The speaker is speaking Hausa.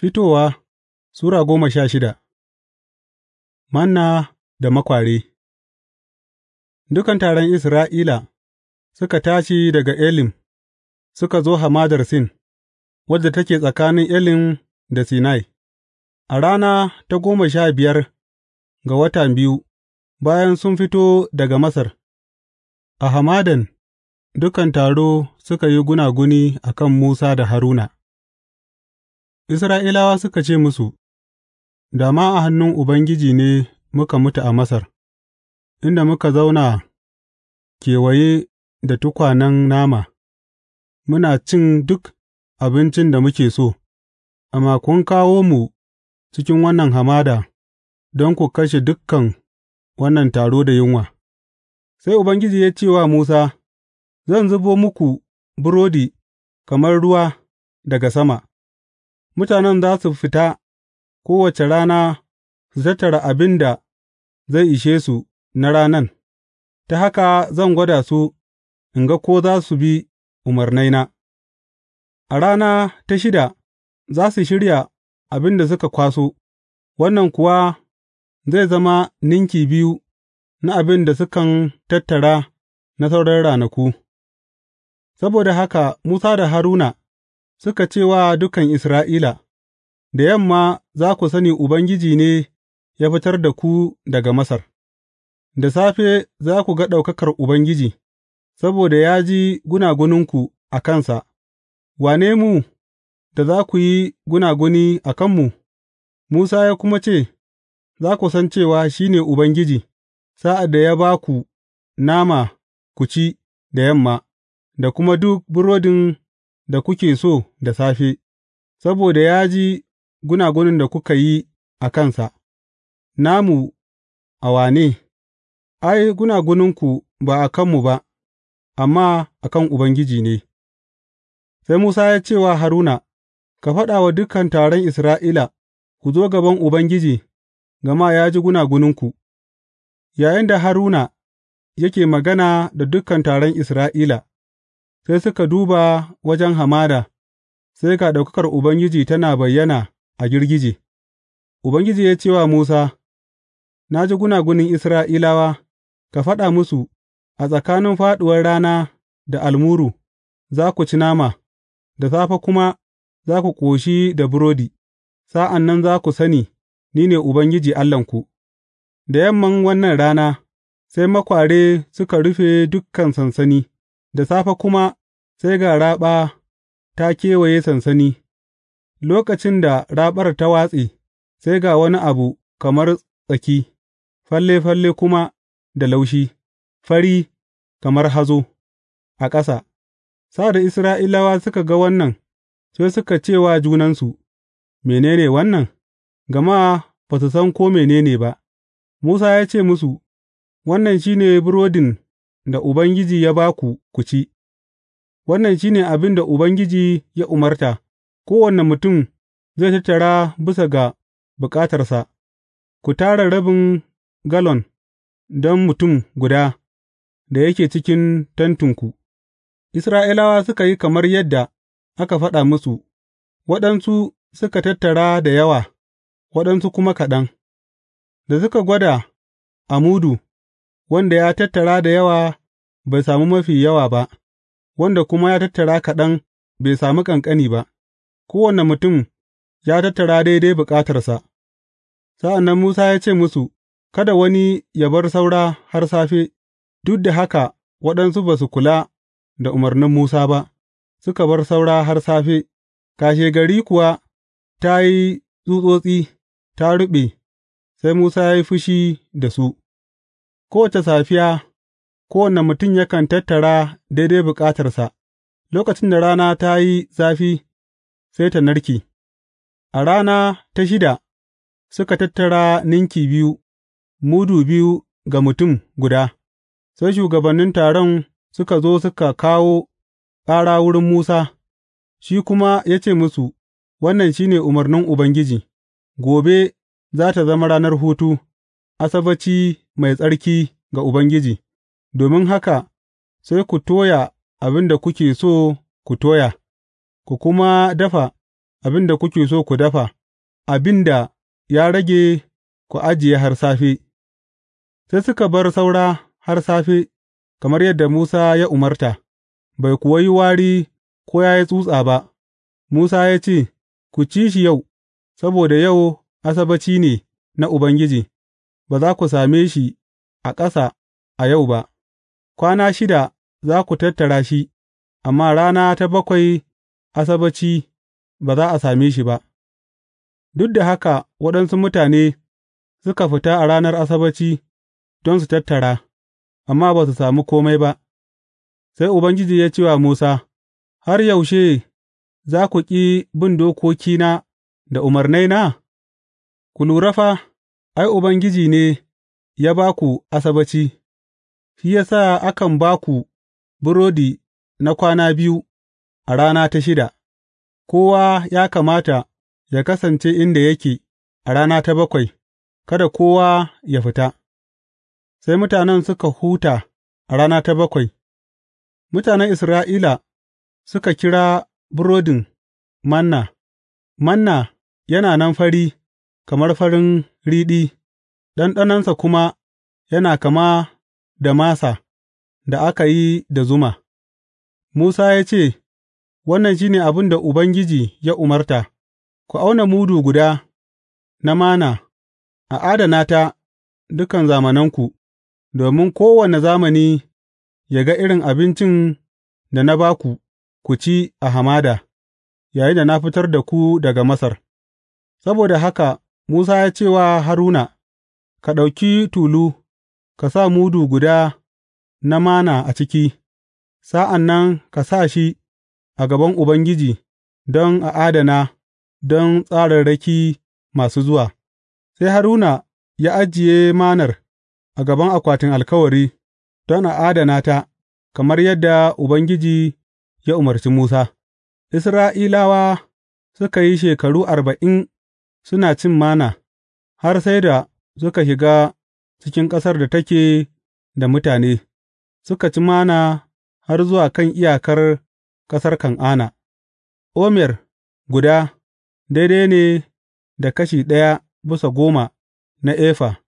Fitowa Sura goma sha shida Manna da makware Dukan taron Isra'ila suka tashi daga Elim suka zo hamadar Sin, wadda take tsakanin Elim da Sinai, a rana ta goma sha biyar ga watan biyu, bayan sun fito daga Masar, a hamadan dukan taro suka yi gunaguni a kan Musa da Haruna. Isra'ilawa suka ce musu, Da ma a hannun Ubangiji ne muka mutu a Masar, inda muka zauna kewaye da tukwanen nama, muna cin duk abincin da muke so, amma kun kawo mu cikin wannan hamada don ku kashe dukkan wannan taro da yunwa. Sai Ubangiji ya ce wa Musa, Zan zubo muku burodi kamar ruwa daga sama. Mutanen za su fita kowace rana su tattara abin da zai ishe su na ranan, ta haka zan gwada su in ga ko za su bi umarnaina; a rana ta shida za su shirya abin da suka kwaso, wannan kuwa zai zama ninki biyu na abin da sukan tattara na sauran ranaku, saboda haka Musa da Haruna. suka ce wa dukan Isra'ila, Da yamma za ku sani Ubangiji ne ya fitar da ku daga Masar, da safe za ku ga ɗaukakar Ubangiji, saboda ya ji gunaguninku a kansa, wane mu da za ku yi gunaguni a kanmu? Musa ya kuma ce, Za ku san cewa shi ne Ubangiji, sa'ad da ya ba ku nama ku ci da yamma, da kuma duk burodin da kuke so da safe, saboda ya ji gunagunin da kuka yi a kansa, namu a wane, ai, gunaguninku ba a kanmu ba, amma a kan Ubangiji ne. Sai Musa ya ce wa Haruna, Ka faɗa wa dukan taron Isra'ila, Ku zo gaban Ubangiji, gama ya ji gunaguninku, da Haruna yake magana da dukan taron Isra'ila. Sai suka duba wajen hamada, sai ga ɗaukakar Ubangiji tana bayyana a girgije, Ubangiji ya ce wa Musa, Na ji gunagunin Isra'ilawa, ka faɗa musu, A tsakanin faɗuwar rana da almuru, za ku ci nama, da safe kuma za ku ƙoshi da burodi, sa'an nan za ku sani ni ne Ubangiji Allahnku, da yamman wannan rana, sai makware suka rufe dukkan sansani. Da safe kuma sai ga raɓa ta kewaye sansani, lokacin da raɓar ta watse, sai ga wani abu kamar tsaki, falle falle kuma da laushi, fari kamar hazo, a ƙasa, sa'ad da Isra'ilawa suka ga wannan, sai suka ce wa junansu, Menene wannan? Gama ba su san ko mene ne ba, Musa ya ce musu, Wannan shi ne burodin. da Ubangiji ya ba ku ku ci, wannan shi ne abin da Ubangiji ya umarta, kowane mutum zai tattara bisa ga bukatarsa, ku tara rabin galon don mutum guda da yake cikin tentinku. Isra'ilawa suka yi kamar yadda aka faɗa musu, waɗansu suka tattara da yawa, waɗansu kuma kaɗan, da suka gwada a mudu. wanda ya tattara da yawa bai sami mafi yawa ba, wanda kuma ya tattara kaɗan bai sami ƙanƙani ba, kowane mutum ya tattara daidai bukatarsa. Sa'an nan Musa ya ce musu, Kada wani ya bar saura har safe, duk da haka waɗansu ba su kula da umarnin Musa ba, suka bar saura har safe, gari kuwa ta yi tsutsotsi, ta ruɓe, sai Musa ya yi fushi da su. Kowace safiya, kowane mutum yakan tattara daidai bukatarsa, lokacin da rana ta yi zafi, sai ta narki a rana ta shida suka tattara ninki biyu, mudu biyu ga mutum guda, sai shugabannin taron suka zo suka kawo ƙara wurin Musa, shi kuma ya ce musu, Wannan shi ne umarnin Ubangiji, gobe za ta zama ranar hutu. Asabbaci mai tsarki ga Ubangiji, domin haka sai ku toya abin da kuke so ku toya, ku kuma dafa abin da kuke so ku dafa, abin da ya rage ku ajiye har safe, sai suka bar saura har safe, kamar yadda Musa ya umarta, bai kuwa yi wari ko ya yi tsutsa ba, Musa ya ce, Ku ci shi yau, saboda yau asabaci ne na Ubangiji. ba za ku same shi a ƙasa a yau ba, kwana shida za ku tattara shi, amma rana ta bakwai Asabbaci ba za a same shi ba, duk da haka waɗansu mutane suka fita a ranar Asabbaci don su tattara, amma ba su sami kome ba, sai Ubangiji ya ce wa Musa, Har yaushe za ku ƙi bin dokokina da umarnaina? Ku lura fa. Ai, Ubangiji ne ya ba ku Asabbaci, shi ya sa akan ba ku burodi na kwana biyu a rana ta shida, kowa ya kamata ya kasance inda yake a rana ta bakwai, kada kowa ya fita. Sai mutanen suka huta a rana ta bakwai, mutanen Isra'ila suka kira burodin Manna, Manna yana nan fari. kamar farin riɗi, ɗanɗanonsa kuma yana kama da masa da aka yi da zuma. Musa ya ce, Wannan shi ne abin da Ubangiji ya umarta, ku auna mudu guda na mana, a adana ta dukan zamananku, domin kowane zamani ya ga irin abincin da na ba ku, ku ci a hamada, yayinda na fitar da ku daga Masar. Saboda haka Musa ya ce wa Haruna, Ka ɗauki tulu, ka sa mudu guda na mana a ciki, sa'an nan ka sa shi a gaban Ubangiji don a adana don tsararraki masu zuwa. Sai Haruna ya ajiye manar a gaban akwatin alkawari don a adana ta, kamar yadda Ubangiji ya umarci Musa, Isra'ilawa suka yi shekaru arba'in. suna cin mana har sai da suka shiga cikin ƙasar da take da mutane, suka ci mana har zuwa kan iyakar ƙasar Kan'ana, Omer guda daidai ne da kashi ɗaya bisa goma na efa.